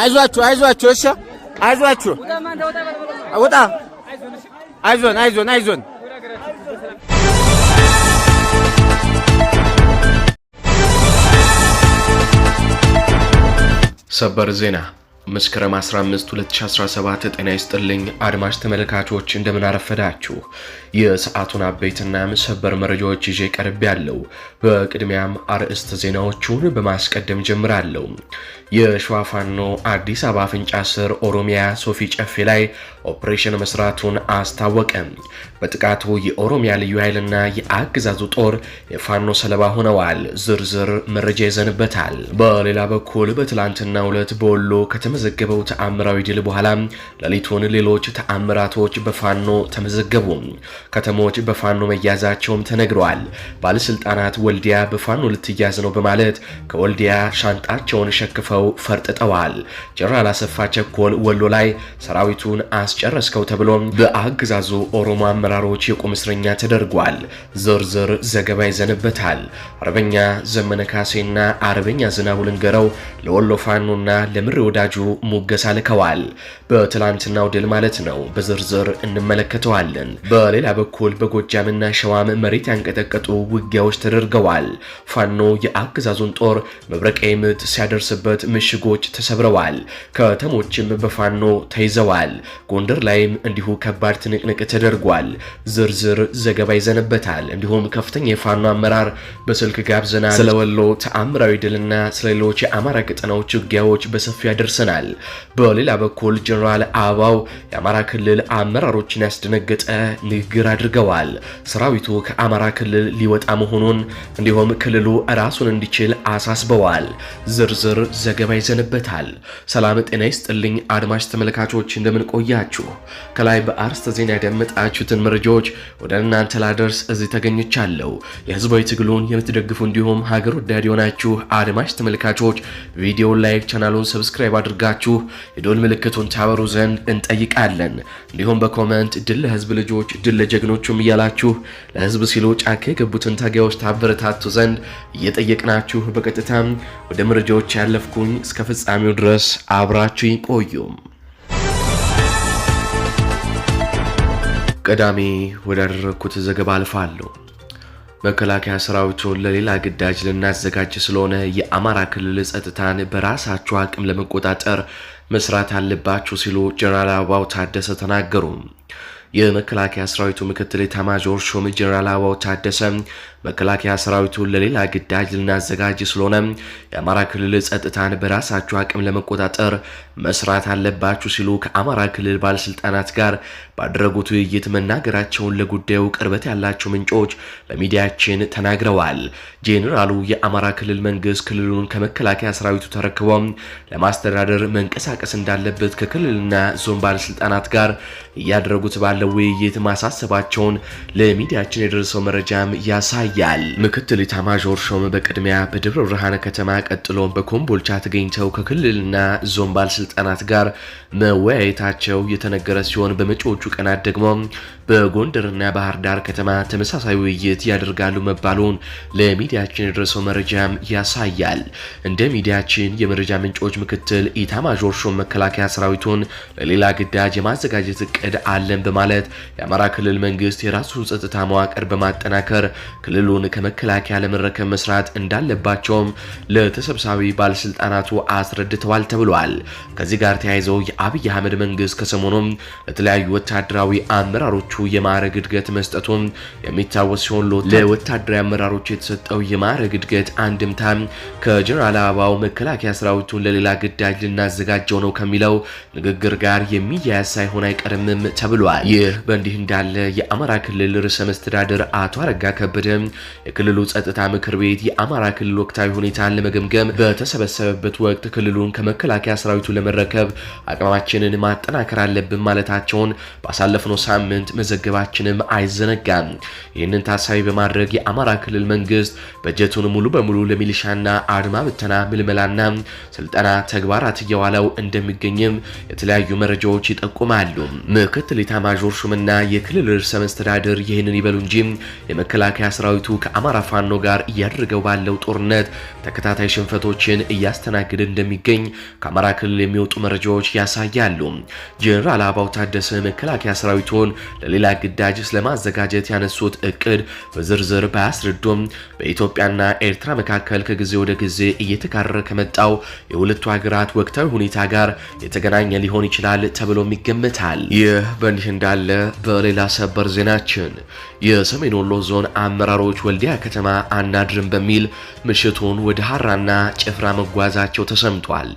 አይዟችሁ አይዟችሁ፣ እሺ አይዟችሁ። ውጣ አይዞን አይዞን አይዞን። ሰበር ዜና መስከረም 15 2017 ጤና ይስጥልኝ አድማጭ ተመልካቾች፣ እንደምናረፈዳችሁ የሰዓቱን አበይትና ሰበር መረጃዎች ይዤ ቀርብ ያለው። በቅድሚያም አርዕስት ዜናዎቹን በማስቀደም ጀምራለሁ። የሸዋ አዲስ አበባ አፍንጫ ስር ኦሮሚያ ሶፊ ጨፌ ላይ ኦፕሬሽን መስራቱን አስታወቀ። በጥቃቱ የኦሮሚያ ልዩ ኃይልና የአገዛዙ ጦር የፋኖ ሰለባ ሆነዋል። ዝርዝር መረጃ ይዘንበታል። በሌላ በኩል በትላንትና ሁለት በወሎ ከተማ ከተመዘገበው ተአምራዊ ድል በኋላ ሌሊቱን ሌሎች ተአምራቶች በፋኖ ተመዘገቡ። ከተሞች በፋኖ መያዛቸውም ተነግረዋል። ባለስልጣናት ወልዲያ በፋኖ ልትያዝ ነው በማለት ከወልዲያ ሻንጣቸውን ሸክፈው ፈርጥጠዋል። ጀነራል አሰፋ ቸኮል ወሎ ላይ ሰራዊቱን አስጨረስከው ተብሎ በአገዛዙ ኦሮሞ አመራሮች የቁም እስረኛ ተደርጓል። ዝርዝር ዘገባ ይዘንበታል። አርበኛ ዘመነ ካሴና አርበኛ ዝናቡ ልንገረው ለወሎ ፋኖና ለምሬ ወዳጁ ሙገሳ ልከዋል። በትላንትናው ድል ማለት ነው። በዝርዝር እንመለከተዋለን። በሌላ በኩል በጎጃምና ሸዋም መሬት ያንቀጠቀጡ ውጊያዎች ተደርገዋል። ፋኖ የአገዛዙን ጦር መብረቃዊ ምት ሲያደርስበት ምሽጎች ተሰብረዋል። ከተሞችም በፋኖ ተይዘዋል። ጎንደር ላይም እንዲሁ ከባድ ትንቅንቅ ተደርጓል። ዝርዝር ዘገባ ይዘንበታል። እንዲሁም ከፍተኛ የፋኖ አመራር በስልክ ጋብዘናል። ስለወሎ ተአምራዊ ድልና ስለሌሎች የአማራ ቀጠናዎች ውጊያዎች በሰፊው ያደርሰናል። ይገኛል። በሌላ በኩል ጀኔራል አበባው የአማራ ክልል አመራሮችን ያስደነገጠ ንግግር አድርገዋል። ሰራዊቱ ከአማራ ክልል ሊወጣ መሆኑን እንዲሁም ክልሉ ራሱን እንዲችል አሳስበዋል። ዝርዝር ዘገባ ይዘንበታል። ሰላም ጤና ይስጥልኝ አድማጭ ተመልካቾች እንደምንቆያችሁ ከላይ በአርስተ ዜና ያደመጣችሁትን መረጃዎች ወደ እናንተ ላደርስ እዚህ ተገኝቻለሁ። የህዝባዊ ትግሉን የምትደግፉ እንዲሁም ሀገር ወዳድ የሆናችሁ አድማጭ ተመልካቾች ቪዲዮ ላይክ፣ ቻናሉን ሰብስክራይብ አድርጋ አድርጋችሁ የዶል ምልክቱን ታበሩ ዘንድ እንጠይቃለን። እንዲሁም በኮመንት ድል ለህዝብ ልጆች፣ ድል ለጀግኖቹም እያላችሁ ለህዝብ ሲሉ ጫካ የገቡትን ታጋዮች ታበረታቱ ዘንድ እየጠየቅናችሁ በቀጥታም ወደ መረጃዎች ያለፍኩኝ እስከ ፍጻሜው ድረስ አብራችሁ ይቆዩም። ቀዳሚ ወዳደረግኩት ዘገባ አልፋለሁ። መከላከያ ሰራዊቱን ለሌላ ግዳጅ ልናዘጋጅ ስለሆነ የአማራ ክልል ጸጥታን በራሳቸው አቅም ለመቆጣጠር መስራት አለባችሁ ሲሉ ጀነራል አበባው ታደሰ ተናገሩ። የመከላከያ ሰራዊቱ ምክትል ኤታማዦር ሹም ጀነራል አበባው ታደሰ መከላከያ ሰራዊቱን ለሌላ ግዳጅ ልናዘጋጅ ስለሆነ የአማራ ክልል ጸጥታን በራሳችሁ አቅም ለመቆጣጠር መስራት አለባችሁ ሲሉ ከአማራ ክልል ባለስልጣናት ጋር ባደረጉት ውይይት መናገራቸውን ለጉዳዩ ቅርበት ያላቸው ምንጮች ለሚዲያችን ተናግረዋል። ጄኔራሉ የአማራ ክልል መንግስት ክልሉን ከመከላከያ ሰራዊቱ ተረክቦ ለማስተዳደር መንቀሳቀስ እንዳለበት ከክልልና ዞን ባለስልጣናት ጋር እያደረጉት ባለው ውይይት ማሳሰባቸውን ለሚዲያችን የደረሰው መረጃም ያሳያል። ይታያል። ምክትል ኢታማዦር ሹም በቅድሚያ በደብረ ብርሃን ከተማ ቀጥሎም በኮምቦልቻ ተገኝተው ከክልልና ዞን ባለስልጣናት ጋር መወያየታቸው የተነገረ ሲሆን በመጪዎቹ ቀናት ደግሞ በጎንደርና ባህር ዳር ከተማ ተመሳሳይ ውይይት ያደርጋሉ መባሉን ለሚዲያችን የደረሰው መረጃም ያሳያል። እንደ ሚዲያችን የመረጃ ምንጮች ምክትል ኢታማዦር ሹም መከላከያ ሰራዊቱን ለሌላ ግዳጅ የማዘጋጀት እቅድ አለን በማለት የአማራ ክልል መንግስት የራሱን ጸጥታ መዋቅር በማጠናከር ክልሉን ከመከላከያ ለመረከብ መስራት እንዳለባቸውም ለተሰብሳቢ ባለስልጣናቱ አስረድተዋል ተብሏል። ከዚህ ጋር ተያይዘው የአብይ አህመድ መንግስት ከሰሞኑም ለተለያዩ ወታደራዊ አመራሮቹ የማዕረግ እድገት መስጠቱም የሚታወስ ሲሆን ለወታደራዊ አመራሮቹ የተሰጠው የማዕረግ እድገት አንድምታ ከጀነራል አበባው መከላከያ ሰራዊቱን ለሌላ ግዳጅ ልናዘጋጀው ነው ከሚለው ንግግር ጋር የሚያያዝ ሳይሆን አይቀርምም ተብሏል። ይህ በእንዲህ እንዳለ የአማራ ክልል ርዕሰ መስተዳደር አቶ አረጋ ከበደም የክልሉ ጸጥታ ምክር ቤት የአማራ ክልል ወቅታዊ ሁኔታን ለመገምገም በተሰበሰበበት ወቅት ክልሉን ከመከላከያ ሰራዊቱ ለመረከብ አቅማችንን ማጠናከር አለብን ማለታቸውን ባሳለፍነው ሳምንት መዘገባችንም አይዘነጋም። ይህንን ታሳቢ በማድረግ የአማራ ክልል መንግስት በጀቱን ሙሉ በሙሉ ለሚሊሻና አድማ ብተና ምልመላና ስልጠና ተግባራት እየዋለው እንደሚገኝም የተለያዩ መረጃዎች ይጠቁማሉ። ምክትል ኢታማዦር ሹምና የክልል ርዕሰ መስተዳድር ይህንን ይበሉ እንጂ የመከላከያ ሰራዊቱ ሰራዊቱ ከአማራ ፋኖ ጋር እያደረገው ባለው ጦርነት ተከታታይ ሽንፈቶችን እያስተናገደ እንደሚገኝ ከአማራ ክልል የሚወጡ መረጃዎች ያሳያሉ። ጀነራል አባው ታደሰ መከላከያ ሰራዊቱን ለሌላ ግዳጅ ስለማዘጋጀት ያነሱት እቅድ በዝርዝር ባያስረዱም በኢትዮጵያና ኤርትራ መካከል ከጊዜ ወደ ጊዜ እየተካረረ ከመጣው የሁለቱ ሀገራት ወቅታዊ ሁኔታ ጋር የተገናኘ ሊሆን ይችላል ተብሎም ይገመታል። ይህ በእንዲህ እንዳለ በሌላ ሰበር ዜናችን የሰሜን ወሎ ዞን አመራሮ ተራሮች ወልዲያ ከተማ አናድርም በሚል ምሽቱን ወደ ሀራና ጭፍራ መጓዛቸው ተሰምቷል።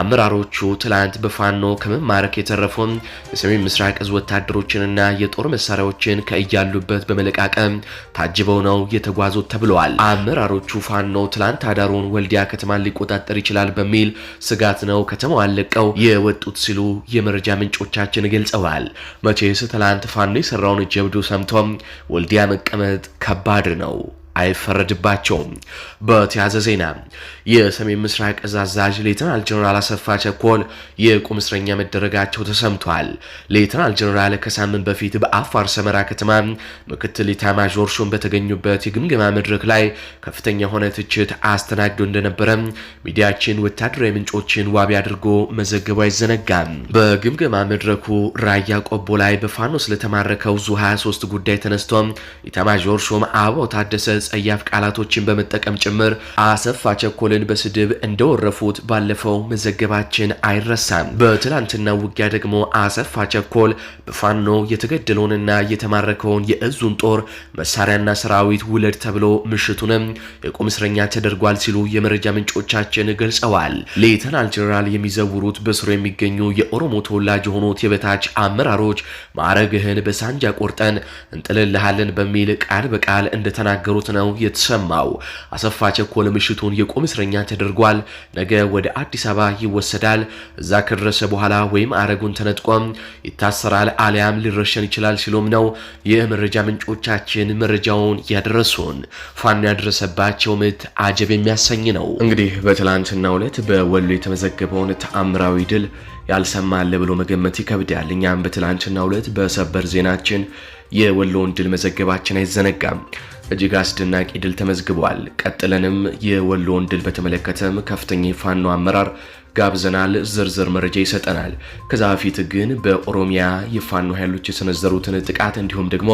አመራሮቹ ትላንት በፋኖ ከመማረክ የተረፉም የሰሜን ምስራቅ እዝ ወታደሮችንና የጦር መሳሪያዎችን ከእያሉበት በመለቃቀም ታጅበው ነው የተጓዙት ተብለዋል። አመራሮቹ ፋኖ ትላንት አዳሩን ወልዲያ ከተማን ሊቆጣጠር ይችላል በሚል ስጋት ነው ከተማዋን ለቀው የወጡት ሲሉ የመረጃ ምንጮቻችን ገልጸዋል። መቼስ ትላንት ፋኖ የሰራውን ጀብዱ ሰምቶም ወልዲያ መቀመጥ ከባድ ነው። አይፈረድባቸውም። በተያዘ ዜና የሰሜን ምስራቅ እዝ አዛዥ ሌተናል ጀነራል አሰፋ ቸኮል የቁም እስረኛ መደረጋቸው ተሰምቷል። ሌተናል ጀነራል ከሳምንት በፊት በአፋር ሰመራ ከተማ ምክትል ኢታማዦር ሹም በተገኙበት የግምገማ መድረክ ላይ ከፍተኛ የሆነ ትችት አስተናግዶ እንደነበረ ሚዲያችን ወታደራዊ ምንጮችን ዋቢ አድርጎ መዘገቡ አይዘነጋም። በግምገማ መድረኩ ራያ ቆቦ ላይ በፋኖ ስለተማረከው ዙ 23 ጉዳይ ተነስቶ ኢታማዦር ሹም አበባው ታደሰ ጸያፍ ቃላቶችን በመጠቀም ጭምር አሰፋ ቸኮልን በስድብ እንደወረፉት ባለፈው መዘገባችን አይረሳም። በትላንትና ውጊያ ደግሞ አሰፋ ቸኮል በፋኖ የተገደለውንና የተማረከውን የእዙን ጦር መሳሪያና ሰራዊት ውለድ ተብሎ ምሽቱንም የቁም እስረኛ ተደርጓል ሲሉ የመረጃ ምንጮቻችን ገልጸዋል። ሌተናል ጀኔራል የሚዘውሩት በስሩ የሚገኙ የኦሮሞ ተወላጅ የሆኑት የበታች አመራሮች ማዕረግህን በሳንጃ ቆርጠን እንጥልልሃለን በሚል ቃል በቃል እንደተናገሩት ነው የተሰማው። አሰፋ ቸኮል ምሽቱን የቁም እስረኛ ተደርጓል። ነገ ወደ አዲስ አበባ ይወሰዳል። እዛ ከደረሰ በኋላ ወይም አረጉን ተነጥቆም ይታሰራል አሊያም ሊረሸን ይችላል ሲሉም ነው የመረጃ ምንጮቻችን መረጃውን ያደረሱን። ፋኖ ያደረሰባቸው ምት አጀብ የሚያሰኝ ነው። እንግዲህ በትላንትናው ዕለት በወሎ የተመዘገበውን ተአምራዊ ድል ያልሰማለ ብሎ መገመት ይከብዳል። እኛም በትላንትናው ዕለት በሰበር ዜናችን የወሎውን ድል መዘገባችን አይዘነጋም። እጅግ አስደናቂ ድል ተመዝግቧል። ቀጥለንም የወሎን ድል በተመለከተም ከፍተኛ የፋኖ አመራር ጋብዘናል። ዝርዝር መረጃ ይሰጠናል። ከዛ በፊት ግን በኦሮሚያ የፋኖ ኃይሎች የሰነዘሩትን ጥቃት እንዲሁም ደግሞ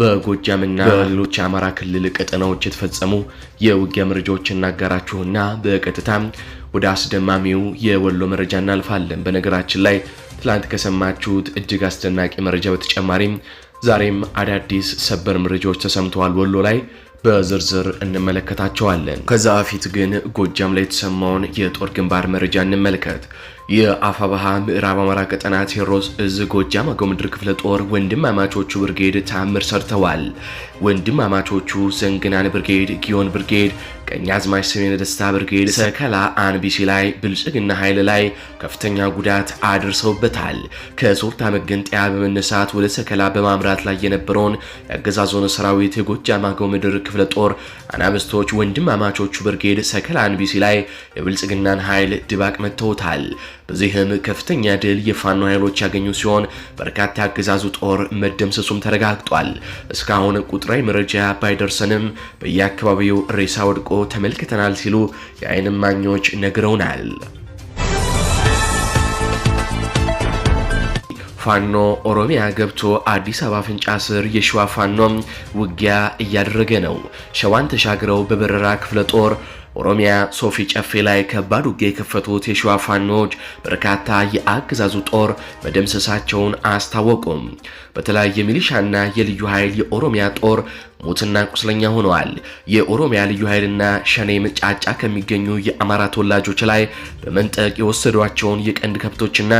በጎጃምና በሌሎች የአማራ ክልል ቀጠናዎች የተፈጸሙ የውጊያ መረጃዎች እናጋራችሁና በቀጥታ ወደ አስደማሚው የወሎ መረጃ እናልፋለን። በነገራችን ላይ ትላንት ከሰማችሁት እጅግ አስደናቂ መረጃ በተጨማሪም ዛሬም አዳዲስ ሰበር መረጃዎች ተሰምተዋል። ወሎ ላይ በዝርዝር እንመለከታቸዋለን። ከዛ በፊት ግን ጎጃም ላይ የተሰማውን የጦር ግንባር መረጃ እንመልከት። የአፋባሃ ምዕራብ አማራ ቀጠና ቴዎድሮስ እዝ ጎጃም አገው ምድር ክፍለ ጦር ወንድማማቾቹ ብርጌድ ተአምር ሰርተዋል። ወንድማማቾቹ ዘንግናን ብርጌድ፣ ጊዮን ብርጌድ፣ ቀኛዝማች ስሜነ ደስታ ብርጌድ ሰከላ አንቢሲ ላይ ብልጽግና ኃይል ላይ ከፍተኛ ጉዳት አድርሰውበታል። ከሶርታ መገንጠያ በመነሳት ወደ ሰከላ በማምራት ላይ የነበረውን የአገዛዞን ሰራዊት የጎጃም አገው ምድር ክፍለ ጦር አናብስቶች ወንድማማቾቹ ብርጌድ ሰከላ አንቢሲ ላይ የብልጽግናን ኃይል ድባቅ መጥተውታል። በዚህም ከፍተኛ ድል የፋኖ ኃይሎች ያገኙ ሲሆን በርካታ ያገዛዙ ጦር መደምሰሱም ተረጋግጧል። እስካሁን ቁጥራዊ መረጃ ባይደርሰንም በየአካባቢው ሬሳ ወድቆ ተመልክተናል ሲሉ የዓይን እማኞች ነግረውናል። ፋኖ ኦሮሚያ ገብቶ አዲስ አበባ አፍንጫ ስር የሸዋ ፋኖ ውጊያ እያደረገ ነው። ሸዋን ተሻግረው በበረራ ክፍለ ጦር ኦሮሚያ ሶፊ ጨፌ ላይ ከባድ ውጊያ የከፈቱት የሸዋ ፋኖች በርካታ የአገዛዙ ጦር መደምሰሳቸውን አስታወቁም። በተለያየ ሚሊሻና የልዩ ኃይል የኦሮሚያ ጦር ሞትና ቁስለኛ ሆነዋል። የኦሮሚያ ልዩ ኃይልና ሸኔም ጫጫ ከሚገኙ የአማራ ተወላጆች ላይ በመንጠቅ የወሰዷቸውን የቀንድ ከብቶችና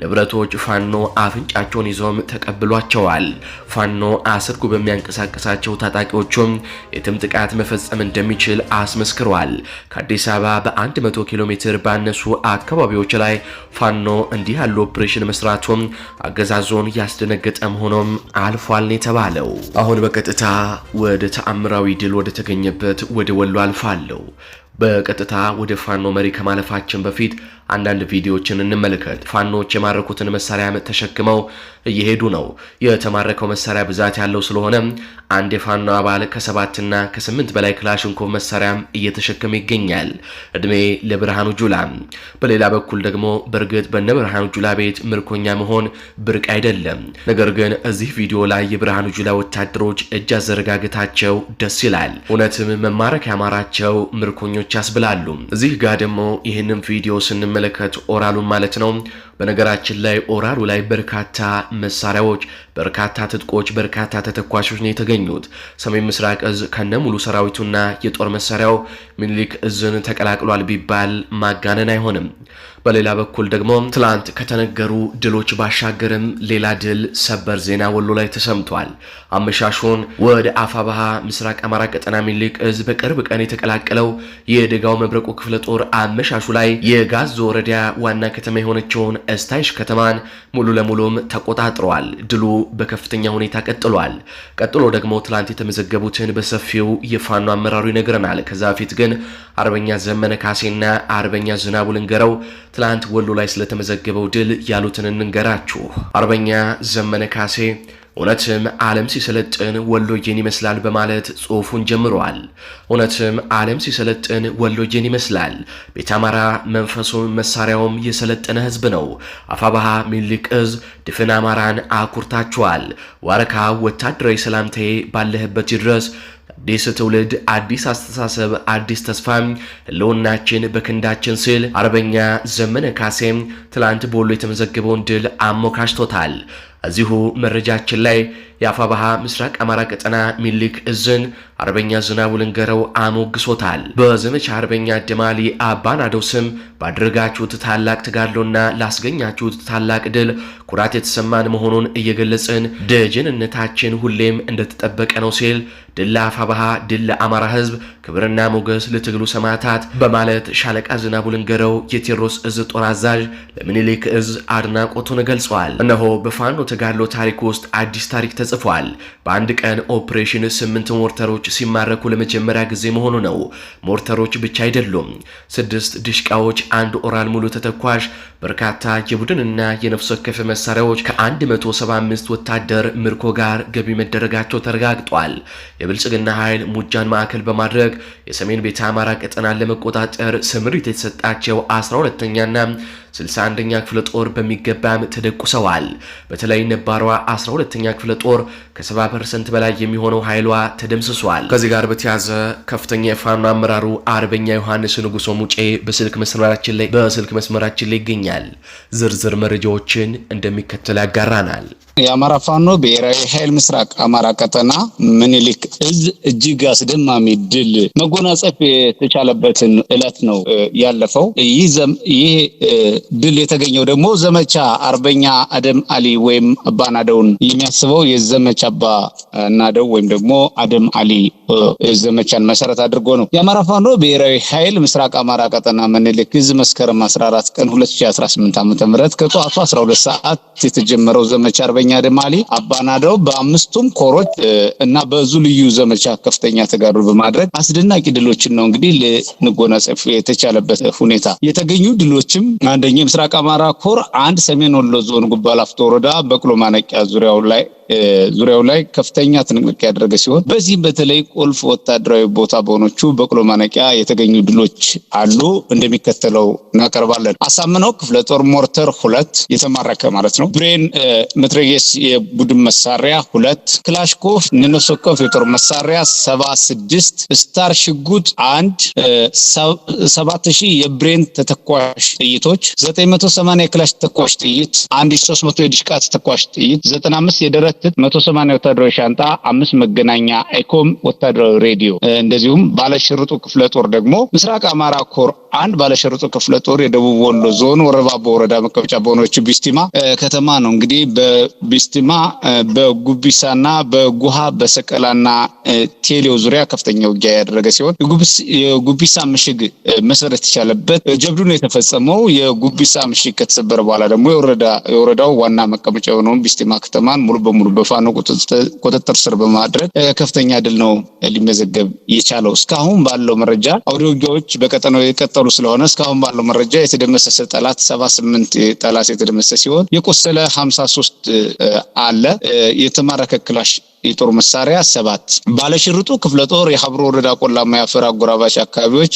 ንብረቶች ፋኖ አፍንጫቸውን ይዞም ተቀብሏቸዋል። ፋኖ አስርጎ በሚያንቀሳቀሳቸው ታጣቂዎቹም የትም ጥቃት መፈጸም እንደሚችል አስመስክሯል። ከአዲስ አበባ በ100 ኪሎ ሜትር ባነሱ አካባቢዎች ላይ ፋኖ እንዲህ ያሉ ኦፕሬሽን መስራቱም አገዛዞን ያስደነገጠ መሆ ሆኖም አልፏል የተባለው። አሁን በቀጥታ ወደ ተአምራዊ ድል ወደ ተገኘበት ወደ ወሎ አልፋለሁ። በቀጥታ ወደ ፋኖ መሪ ከማለፋችን በፊት አንዳንድ ቪዲዮዎችን እንመልከት። ፋኖች የማረኩትን መሳሪያ ተሸክመው እየሄዱ ነው። የተማረከው መሳሪያ ብዛት ያለው ስለሆነ አንድ የፋኖ አባል ከሰባትና ከስምንት በላይ ክላሽንኮቭ መሳሪያ እየተሸከመ ይገኛል። እድሜ ለብርሃኑ ጁላ። በሌላ በኩል ደግሞ በእርግጥ በነ ብርሃኑ ጁላ ቤት ምርኮኛ መሆን ብርቅ አይደለም። ነገር ግን እዚህ ቪዲዮ ላይ የብርሃኑ ጁላ ወታደሮች እጅ አዘረጋገታቸው ደስ ይላል። እውነትም መማረክ ያማራቸው ምርኮኞች ያስብላሉ። እዚህ ጋር ደግሞ ይህንም ቪዲዮ ስን ስንመለከት ኦራሉን ማለት ነው በነገራችን ላይ ኦራሉ ላይ በርካታ መሳሪያዎች፣ በርካታ ትጥቆች፣ በርካታ ተተኳሾች ነው የተገኙት። ሰሜን ምስራቅ እዝ ከነ ሙሉ ሰራዊቱና የጦር መሳሪያው ሚኒሊክ እዝን ተቀላቅሏል ቢባል ማጋነን አይሆንም። በሌላ በኩል ደግሞ ትላንት ከተነገሩ ድሎች ባሻገርም ሌላ ድል ሰበር ዜና ወሎ ላይ ተሰምቷል። አመሻሹን ወደ አፋባሃ ምስራቅ አማራ ቀጠና ሚኒሊክ እዝ በቅርብ ቀን የተቀላቀለው የደጋው መብረቁ ክፍለ ጦር አመሻሹ ላይ የጋዞ ወረዳ ዋና ከተማ የሆነችውን እስታይሽ ከተማን ሙሉ ለሙሉም ተቆጣጥረዋል። ድሉ በከፍተኛ ሁኔታ ቀጥሏል። ቀጥሎ ደግሞ ትላንት የተመዘገቡትን በሰፊው የፋኖ አመራሩ ይነግረናል። ከዛ በፊት ግን አርበኛ ዘመነ ካሴና አርበኛ ዝናቡ ልንገረው ትላንት ወሎ ላይ ስለተመዘገበው ድል ያሉትን እንንገራችሁ። አርበኛ ዘመነ ካሴ እውነትም ዓለም ሲሰለጥን ወሎጄን ይመስላል በማለት ጽሑፉን ጀምረዋል። እውነትም ዓለም ሲሰለጥን ወሎጄን ይመስላል። ቤተ አማራ መንፈሱም መሳሪያውም የሰለጠነ ህዝብ ነው። አፋባሃ ሚኒልክ እዝ ድፍን አማራን አኩርታችኋል። ዋረካ ወታደራዊ ሰላምታዬ ባለህበት ድረስ አዲስ ትውልድ፣ አዲስ አስተሳሰብ፣ አዲስ ተስፋ፣ ህልውናችን በክንዳችን ሲል አርበኛ ዘመነ ካሴም ትላንት በወሎ የተመዘገበውን ድል አሞካሽቶታል። እዚሁ መረጃችን ላይ የአፋባሃ ምስራቅ አማራ ቀጠና ሚኒልክ እዝን አርበኛ ዝናቡ ልንገረው አሞግሶታል። በዘመቻ አርበኛ ደማሊ አባናደው ስም ባደረጋችሁት ታላቅ ተጋድሎና ላስገኛችሁት ታላቅ ድል ኩራት የተሰማን መሆኑን እየገለጽን ደጀንነታችን ሁሌም እንደተጠበቀ ነው ሲል ድል ለአፋባሃ፣ ድል ለአማራ ሕዝብ፣ ክብርና ሞገስ ለትግሉ ሰማዕታት በማለት ሻለቃ ዝናቡ ልንገረው የቴዎድሮስ እዝ ጦር አዛዥ ለሚኒሊክ እዝ አድናቆቱን ገልጸዋል። እነሆ በፋኖ ተጋድሎ ታሪክ ውስጥ አዲስ ታሪክ ተጽፏል። በአንድ ቀን ኦፕሬሽን ስምንት ሞርተሮች ሲማረኩ ለመጀመሪያ ጊዜ መሆኑ ነው። ሞርተሮች ብቻ አይደሉም። ስድስት ድሽቃዎች፣ አንድ ኦራል ሙሉ ተተኳሽ፣ በርካታ የቡድንና የነፍስ ወከፍ መሳሪያዎች ከ175 ወታደር ምርኮ ጋር ገቢ መደረጋቸው ተረጋግጧል። የብልጽግና ኃይል ሙጃን ማዕከል በማድረግ የሰሜን ቤተ አማራ ቀጠናን ለመቆጣጠር ስምሪት የተሰጣቸው 12ኛና 61ኛ ክፍለ ጦር በሚገባም ተደቁሰዋል። በተለይ ነባሯ 12ኛ ክፍለ ጦር ከ70 ፐርሰንት በላይ የሚሆነው ኃይሏ ተደምስሷል። ከዚህ ጋር በተያዘ ከፍተኛ የፋኖ አመራሩ አርበኛ ዮሐንስ ንጉሶ ሙጬ በስልክ መስመራችን ላይ በስልክ መስመራችን ላይ ይገኛል። ዝርዝር መረጃዎችን እንደሚከተል ያጋራናል። የአማራ ፋኖ ብሔራዊ ኃይል ምስራቅ አማራ ቀጠና ምኒልክ እዝ እጅግ አስደማሚ ድል መጎናጸፍ የተቻለበትን እለት ነው ያለፈው። ይህ ድል የተገኘው ደግሞ ዘመቻ አርበኛ አደም አሊ ወይም አባናደውን የሚያስበው የዘመቻ አባ ናደው ወይም ደግሞ አደም አሊ ዘመቻን መሰረት አድርጎ ነው። የአማራ ፋኖ ብሔራዊ ኃይል ምስራቅ አማራ ቀጠና ምኒልክ እዝ መስከረም 14 ቀን 2018 ዓ ም ከጠዋቱ 12 ሰዓት የተጀመረው ዘመቻ አርበኛ አርበኛ ደማሊ አባናዳው በአምስቱም ኮሮች እና በዙ ልዩ ዘመቻ ከፍተኛ ተጋድሎ በማድረግ አስደናቂ ድሎችን ነው እንግዲህ ልንጎናጸፍ የተቻለበት ሁኔታ። የተገኙ ድሎችም አንደኛ የምስራቅ አማራ ኮር አንድ ሰሜን ወሎ ዞን ጉባ ላፍቶ ወረዳ በቅሎ ማነቂያ ዙሪያው ላይ ዙሪያው ላይ ከፍተኛ ትንቅንቅ ያደረገ ሲሆን በዚህም በተለይ ቁልፍ ወታደራዊ ቦታ በሆኖቹ በቅሎ ማነቂያ የተገኙ ድሎች አሉ። እንደሚከተለው እናቀርባለን። አሳምነው ክፍለ ጦር ሞርተር ሁለት የተማረከ ማለት ነው። ብሬን መትረየስ የቡድን መሳሪያ ሁለት ክላሽኮፍ ነፍስ የጦር መሳሪያ ሰባ ስድስት ስታር ሽጉጥ አንድ ሰባት ሺህ የብሬን ተተኳሽ ጥይቶች ዘጠኝ መቶ ሰማንያ የክላሽ ተተኳሽ ጥይት አንድ ሶስት መቶ የድሽቃ ተተኳሽ ጥይት ዘጠና አምስት የደረ የሚያካትት መቶ ወታደራዊ ሻንጣ አምስት መገናኛ ኤኮም ወታደራዊ ሬዲዮ እንደዚሁም ባለሽርጡ ክፍለ ጦር ደግሞ ምስራቅ አማራ ኮር አንድ ባለሸርጡ ክፍለ ጦር የደቡብ ወሎ ዞን ወረባቦ ወረዳ መቀመጫ በሆነች ቢስቲማ ከተማ ነው። እንግዲህ በቢስቲማ በጉቢሳና በጉሃ በሰቀላና ቴሌው ዙሪያ ከፍተኛ ውጊያ ያደረገ ሲሆን የጉቢሳ ምሽግ መሰረት የቻለበት ጀብዱ ነው የተፈጸመው። የጉቢሳ ምሽግ ከተሰበረ በኋላ ደግሞ የወረዳው ዋና መቀመጫ የሆነውን ቢስቲማ ከተማን ሙሉ በሙሉ በፋኖ ቁጥጥር ስር በማድረግ ከፍተኛ ድል ነው ሊመዘገብ የቻለው። እስካሁን ባለው መረጃ አውደ ውጊያዎች በቀጠናው የቀጠ እየቆሰሉ ስለሆነ እስካሁን ባለው መረጃ የተደመሰሰ ጠላት ሰ ስምንት ጠላት የተደመሰ ሲሆን የቆሰለ ሀምሳ ሶስት አለ። የተማረከ ክላሽ የጦር መሳሪያ ሰባት ባለሽርጡ ክፍለ ጦር የሀብሮ ወረዳ ቆላማ የአፈር አጎራባች አካባቢዎች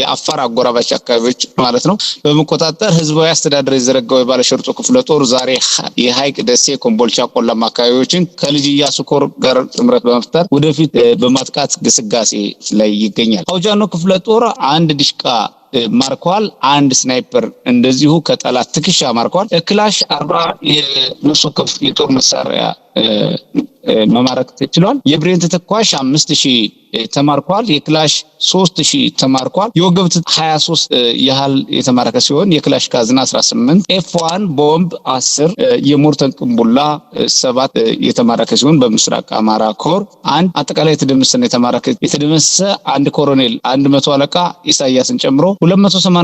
የአፋር አጎራባች አካባቢዎች ማለት ነው በመቆጣጠር ህዝባዊ አስተዳደር የዘረጋው የባለሽርጡ ክፍለ ጦር ዛሬ የሀይቅ ደሴ፣ ኮምቦልቻ ቆላማ አካባቢዎችን ከልጅ ኢያሱ ኮር ጋር ጥምረት በመፍጠር ወደፊት በማጥቃት ግስጋሴ ላይ ይገኛል። አውጃኖ ክፍለ ጦር አንድ ድሽቃ ማርከዋል። አንድ ስናይፐር እንደዚሁ ከጠላት ትከሻ ማርከዋል። ክላሽ አርባ የነፍስ ወከፍ የጦር መሳሪያ መማረክ ተችሏል። የብሬን ተተኳሽ አምስት ሺህ ተማርኳል። የክላሽ 3000 ተማርኳል። የወገብት ሶስት ያህል የተማረከ ሲሆን የክላሽ ካዝና 18 ስምንት ኤፍዋን ቦምብ አስር የሞርተን ቅንቡላ 7 የተማረከ ሲሆን በምስራቅ አማራ ኮር አንድ አጠቃላይ የተደመሰነ የተማረከ የተደመሰ አንድ ኮሎኔል አንድ መቶ አለቃ ኢሳያስን ጨምሮ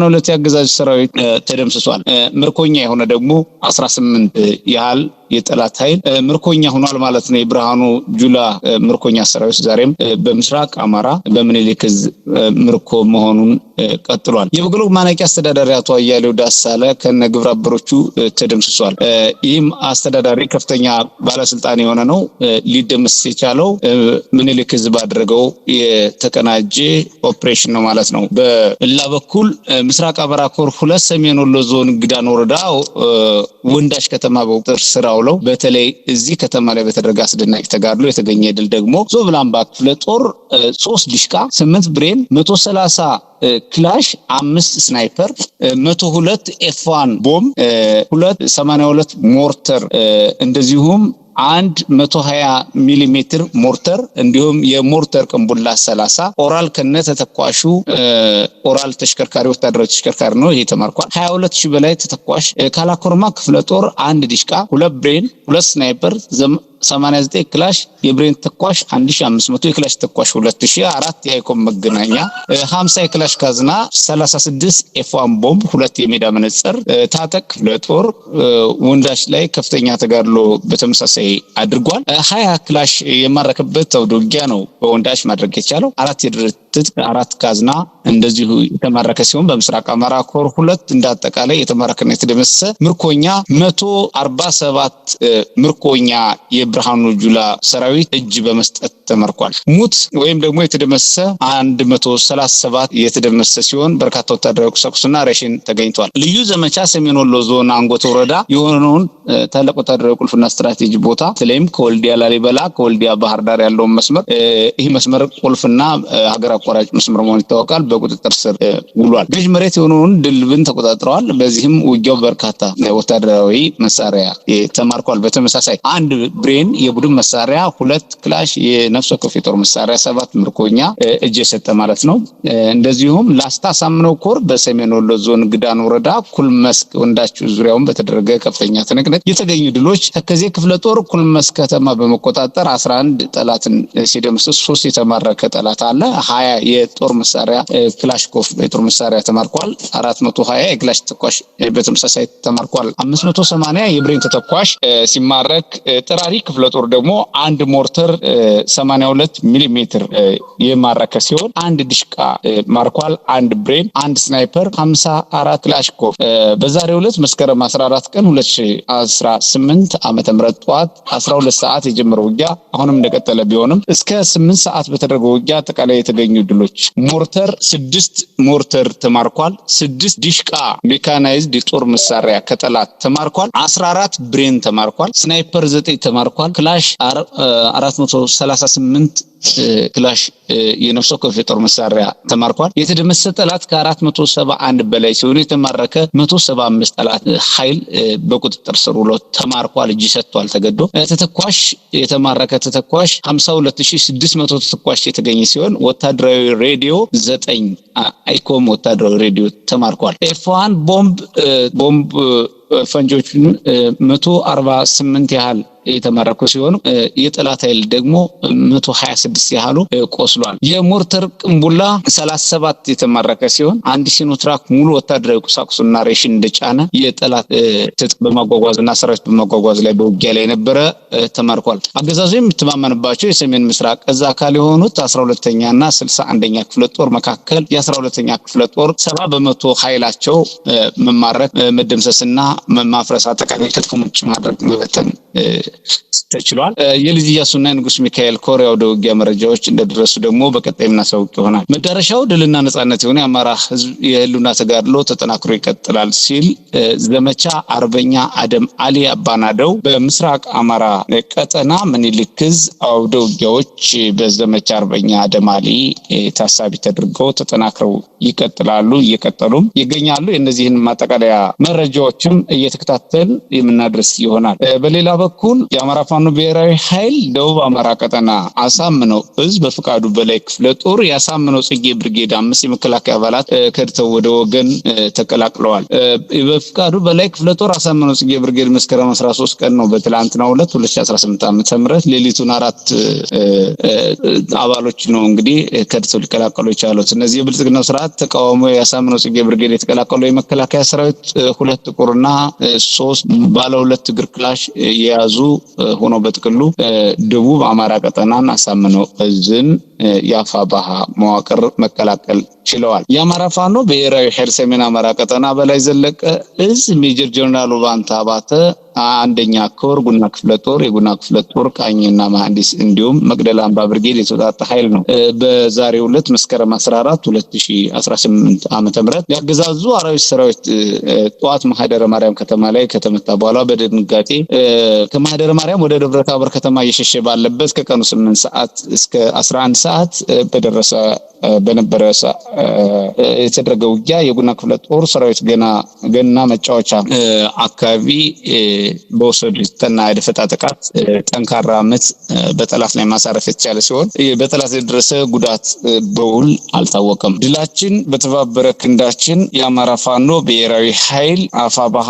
ሁለት የአገዛዝ ሰራዊት ተደምስሷል። ምርኮኛ የሆነ ደግሞ 18 ያህል የጠላት ኃይል ምርኮኛ ሆኗል ማለት ነው። የብርሃኑ ጁላ ምርኮኛ ሰራዊት ዛሬም በምስራቅ አማራ በምኒልክ ምርኮ መሆኑን ቀጥሏል። የበቅሎ ማነቂ አስተዳዳሪ አቶ አያሌው ዳሳለ ከነ ግብረ አበሮቹ ተደምስሷል። ይህም አስተዳዳሪ ከፍተኛ ባለስልጣን የሆነ ነው። ሊደምስ የቻለው ምኒልክ ህዝብ ባደረገው የተቀናጀ ኦፕሬሽን ነው ማለት ነው። በላ በኩል ምስራቅ አበራ ኮር ሁለት ሰሜን ወሎ ዞን ግዳን ወረዳ ወንዳሽ ከተማ በቁጥር ስር አውለው በተለይ እዚህ ከተማ ላይ በተደረገ አስደናቂ ተጋድሎ የተገኘ ድል ደግሞ ዞብላምባ ክፍለ ጦር ሶስት ዲሽቃ ስምንት ብሬን መቶ ሰላሳ ክላሽ አምስት ስናይፐር መቶ ሁለት ኤፍዋን ቦም ሁለት ሰማንያ ሁለት ሞርተር እንደዚሁም አንድ 120 ሚሊ ሜትር ሞርተር እንዲሁም የሞርተር ቅንቡላ ሰላሳ ኦራል ከነ ተተኳሹ ኦራል ተሽከርካሪ ወታደራዊ ተሽከርካሪ ነው። ይሄ ተማርኳል። 22 ሺህ በላይ ተተኳሽ ካላኮርማ ክፍለ ጦር አንድ ዲሽቃ፣ ሁለት ብሬን፣ ሁለት ስናይፐር 89 ክላሽ የብሬን ተኳሽ 1500 የክላሽ ተኳሽ 2004 የአይኮም መገናኛ 50 የክላሽ ካዝና 36 ኤፏን ቦምብ ሁለት የሜዳ መነጽር ታጠቅ ለጦር ወንዳሽ ላይ ከፍተኛ ተጋድሎ በተመሳሳይ አድርጓል። 20 ክላሽ የማረከበት ተውዶጊያ ነው በወንዳሽ ማድረግ የቻለው አራት የድረት ስትት አራት ካዝና እንደዚሁ የተማረከ ሲሆን በምስራቅ አማራ ኮር ሁለት እንዳጠቃላይ የተማረከና የተደመሰ ምርኮኛ መቶ አርባ ሰባት ምርኮኛ የብርሃኑ ጁላ ሰራዊት እጅ በመስጠት ተመርኳል። ሙት ወይም ደግሞ የተደመሰ አንድ መቶ ሰላሳ ሰባት የተደመሰ ሲሆን በርካታ ወታደራዊ ቁሳቁስና ሬሽን ተገኝቷል። ልዩ ዘመቻ ሰሜን ወሎ ዞን አንጎተ ወረዳ የሆነውን ተለቆ ተደረገ ቁልፍና ስትራቴጂ ቦታ በተለይም ከወልዲያ ላሊበላ ከወልዲያ ባህር ዳር ያለውን መስመር ይህ መስመር ቁልፍና ሀገር አቋራጭ መስመር መሆን ይታወቃል፣ በቁጥጥር ስር ውሏል። ገዥ መሬት የሆነውን ድልብን ተቆጣጥረዋል። በዚህም ውጊያው በርካታ ወታደራዊ መሳሪያ ተማርኳል። በተመሳሳይ አንድ ብሬን የቡድን መሳሪያ፣ ሁለት ክላሽ የነፍስ ወከፍ የጦር መሳሪያ፣ ሰባት ምርኮኛ እጅ የሰጠ ማለት ነው። እንደዚሁም ላስታ ሳምነው ኮር በሰሜን ወሎ ዞን ግዳን ወረዳ ኩልመስክ ወንዳችሁ ዙሪያውን በተደረገ ከፍተኛ ትንቅንቅ ዓመት የተገኙ ድሎች ተከዜ ክፍለ ጦር ኩልመስ ከተማ በመቆጣጠር 11 ጠላትን ሲደምስስ ሶስት የተማረከ ጠላት አለ። ሀያ የጦር መሳሪያ ክላሽኮፍ የጦር መሳሪያ ተማርኳል። 420 የክላሽ ተኳሽ በተመሳሳይ ተማርኳል። 580 የብሬን ተተኳሽ ሲማረክ፣ ጠራሪ ክፍለ ጦር ደግሞ አንድ ሞርተር 82 ሚሊ ሜትር የማረከ ሲሆን አንድ ድሽቃ ማርኳል፣ አንድ ብሬን፣ አንድ ስናይፐር፣ 54 ክላሽኮፍ በዛሬው ዕለት መስከረም 14 ቀን 2018 ዓመተ ምህረት ጠዋት 12 ሰዓት የጀመረው ውጊያ አሁንም እንደቀጠለ ቢሆንም እስከ 8 ሰዓት በተደረገው ውጊያ አጠቃላይ የተገኙ ድሎች ሞርተር ስድስት ሞርተር ተማርኳል። ስድስት ዲሽቃ ሜካናይዝድ የጦር መሳሪያ ከጠላት ተማርኳል። 14 ብሬን ተማርኳል። ስናይፐር 9 ተማርኳል። ክላሽ 438 ክላሽ የነፍስ ወከፍ የጦር መሳሪያ ተማርኳል። የተደመሰ ጠላት ከ471 በላይ ሲሆኑ የተማረከ 175 ጠላት ኃይል በቁጥጥር ስር ውሎ ተማርኳል፣ እጅ ሰጥቷል፣ ተገዶ ተተኳሽ የተማረከ ተተኳሽ 52600 ተተኳሽ የተገኘ ሲሆን ወታደራዊ ሬዲዮ 9 አይኮም ወታደራዊ ሬዲዮ ተማርኳል። ኤፍ ቦምብ ቦምብ ፈንጂዎችን መቶ ያህል የተማረኩ ሲሆኑ የጠላት ኃይል ደግሞ 126 ያህሉ ቆስሏል። የሞርተር ቅንቡላ 37 የተማረከ ሲሆን አንድ ሲኖትራክ ሙሉ ወታደራዊ ቁሳቁስና ሬሽን እንደጫነ የጠላት ትጥቅ በማጓጓዝና ሰራዊት በማጓጓዝ ላይ በውጊያ ላይ የነበረ ተማርኳል። አገዛዙ የሚተማመንባቸው የሰሜን ምስራቅ እዛ አካል የሆኑት 12ኛና 61ኛ ክፍለ ጦር መካከል የ12ኛ ክፍለ ጦር ሰባ በመቶ ኃይላቸው መማረክ መደምሰስና ማፍረስ አጠቃላይ ከተሞች ማድረግ መበተን ተችሏል። የልጅ ኢያሱና የንጉስ ሚካኤል ኮር አውደ ውጊያ መረጃዎች እንደደረሱ ደግሞ በቀጣይ የምናሳውቅ ይሆናል። መዳረሻው ድልና ነጻነት የሆነ የአማራ ህዝብ የህልውና ተጋድሎ ተጠናክሮ ይቀጥላል ሲል ዘመቻ አርበኛ አደም አሊ አባናደው በምስራቅ አማራ ቀጠና ምኒልክዝ ዕዝ አውደ ውጊያዎች በዘመቻ አርበኛ አደም አሊ ታሳቢ ተደርገው ተጠናክረው ይቀጥላሉ፣ እየቀጠሉም ይገኛሉ። የእነዚህን ማጠቃለያ መረጃዎችም እየተከታተል የምናደርስ ይሆናል። በሌላ በኩል የአማራ ፋኖ ብሔራዊ ኃይል ደቡብ አማራ ቀጠና አሳምነው እዝ በፍቃዱ በላይ ክፍለ ጦር የአሳምነው ጽጌ ብርጌድ አምስት የመከላከያ አባላት ከድተው ወደ ወገን ተቀላቅለዋል። በፍቃዱ በላይ ክፍለ ጦር አሳምነው ጽጌ ብርጌድ መስከረም 13 ቀን ነው በትላንትናው ሁለት 2018 ዓ.ም ሌሊቱን አራት አባሎች ነው እንግዲህ ከድተው ሊቀላቀሉ የቻሉት። እነዚህ የብልጽግናው ስርዓት ተቃውሞ የአሳምነው ጽጌ ብርጌድ የተቀላቀሉ የመከላከያ ሰራዊት ሁለት ጥቁርና ሶስት ባለ ሁለት እግር ክላሽ የያዙ ሆኖ በጥቅሉ ደቡብ አማራ ቀጠናን አሳምነው እዝን የአፋባሃ መዋቅር መቀላቀል ችለዋል። የአማራ ፋኖ ብሔራዊ ሄር ሰሜን አማራ ቀጠና በላይ ዘለቀ እዝ ሜጀር ጀነራል ባንታ አባተ አንደኛ ኮር ጉና ክፍለ ጦር የጉና ክፍለ ጦር ቃኝና መሐንዲስ እንዲሁም መቅደል አምባ ብርጌድ የተወጣጠ ኃይል ነው። በዛሬው ዕለት መስከረም 14 2018 ዓ.ም ያገዛዙ አራዊት ሰራዊት ጠዋት ማህደረ ማርያም ከተማ ላይ ከተመታ በኋላ በድንጋጤ ከማህደረ ማርያም ወደ ደብረ ታቦር ከተማ እየሸሸ ባለበት ከቀኑ 8 ሰዓት እስከ 11 ሰዓት ሰዓት በደረሰ በነበረ የተደረገ ውጊያ የጉና ክፍለ ጦር ሰራዊት ገና ገና መጫወቻ አካባቢ በወሰዱ ተና የደፈጣ ጥቃት ጠንካራ ምት በጠላት ላይ ማሳረፍ የተቻለ ሲሆን በጠላት የደረሰ ጉዳት በውል አልታወቀም። ድላችን በተባበረ ክንዳችን የአማራ ፋኖ ብሔራዊ ኃይል አፋባሃ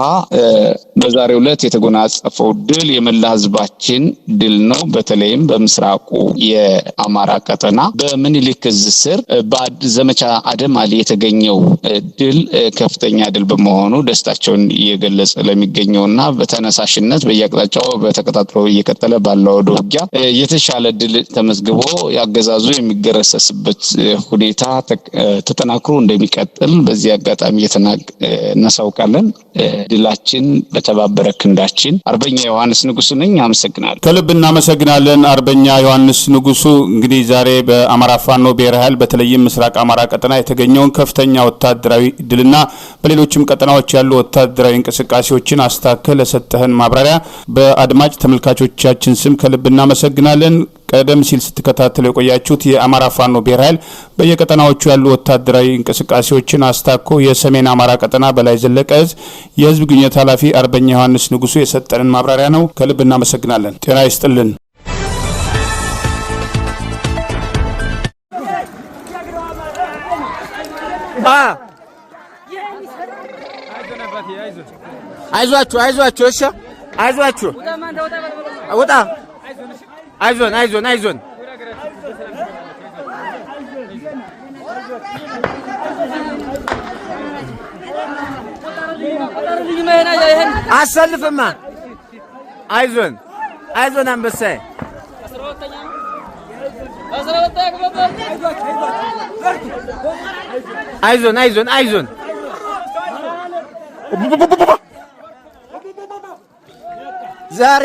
በዛሬው ዕለት የተጎናጸፈው ድል የመላ ህዝባችን ድል ነው። በተለይም በምስራቁ የአማራ ቀጠና ቀጠና በምኒልክ እዝ ስር ዘመቻ አደም የተገኘው ድል ከፍተኛ ድል በመሆኑ ደስታቸውን እየገለጸ ለሚገኘውና በተነሳሽነት በየአቅጣጫው በተቀጣጥሎ እየቀጠለ ባለው አውደ ውጊያ የተሻለ ድል ተመዝግቦ ያገዛዙ የሚገረሰስበት ሁኔታ ተጠናክሮ እንደሚቀጥል በዚህ አጋጣሚ እናሳውቃለን። ድላችን በተባበረ ክንዳችን። አርበኛ ዮሐንስ ንጉሱ ነኝ። አመሰግናለሁ። ከልብ እናመሰግናለን አርበኛ ዮሐንስ ንጉሱ። እንግዲህ ዛሬ በአማራ ፋኖ ብሔር ኃይል በተለይም ምስራቅ አማራ ቀጠና የተገኘውን ከፍተኛ ወታደራዊ ድልና በሌሎችም ቀጠናዎች ያሉ ወታደራዊ እንቅስቃሴዎችን አስታከል ለሰጠህን ማብራሪያ በአድማጭ ተመልካቾቻችን ስም ከልብ እናመሰግናለን። ቀደም ሲል ስትከታተሉ የቆያችሁት የአማራ ፋኖ ብሔር ኃይል በየቀጠናዎቹ ያሉ ወታደራዊ እንቅስቃሴዎችን አስታኮ የሰሜን አማራ ቀጠና በላይ ዘለቀ እዝ የህዝብ ግንኙነት ኃላፊ አርበኛ ዮሐንስ ንጉሱ የሰጠንን ማብራሪያ ነው። ከልብ እናመሰግናለን። ጤና ይስጥልን። አይዟችሁ አይዟችሁ፣ እሺ አይዟችሁ። ውጣ አይዞን አይዞን አይዞን። አሰልፍማ አይዞን አይዞን አንበሳዬ አይዞን አይዞን አይዞን። ዛሬ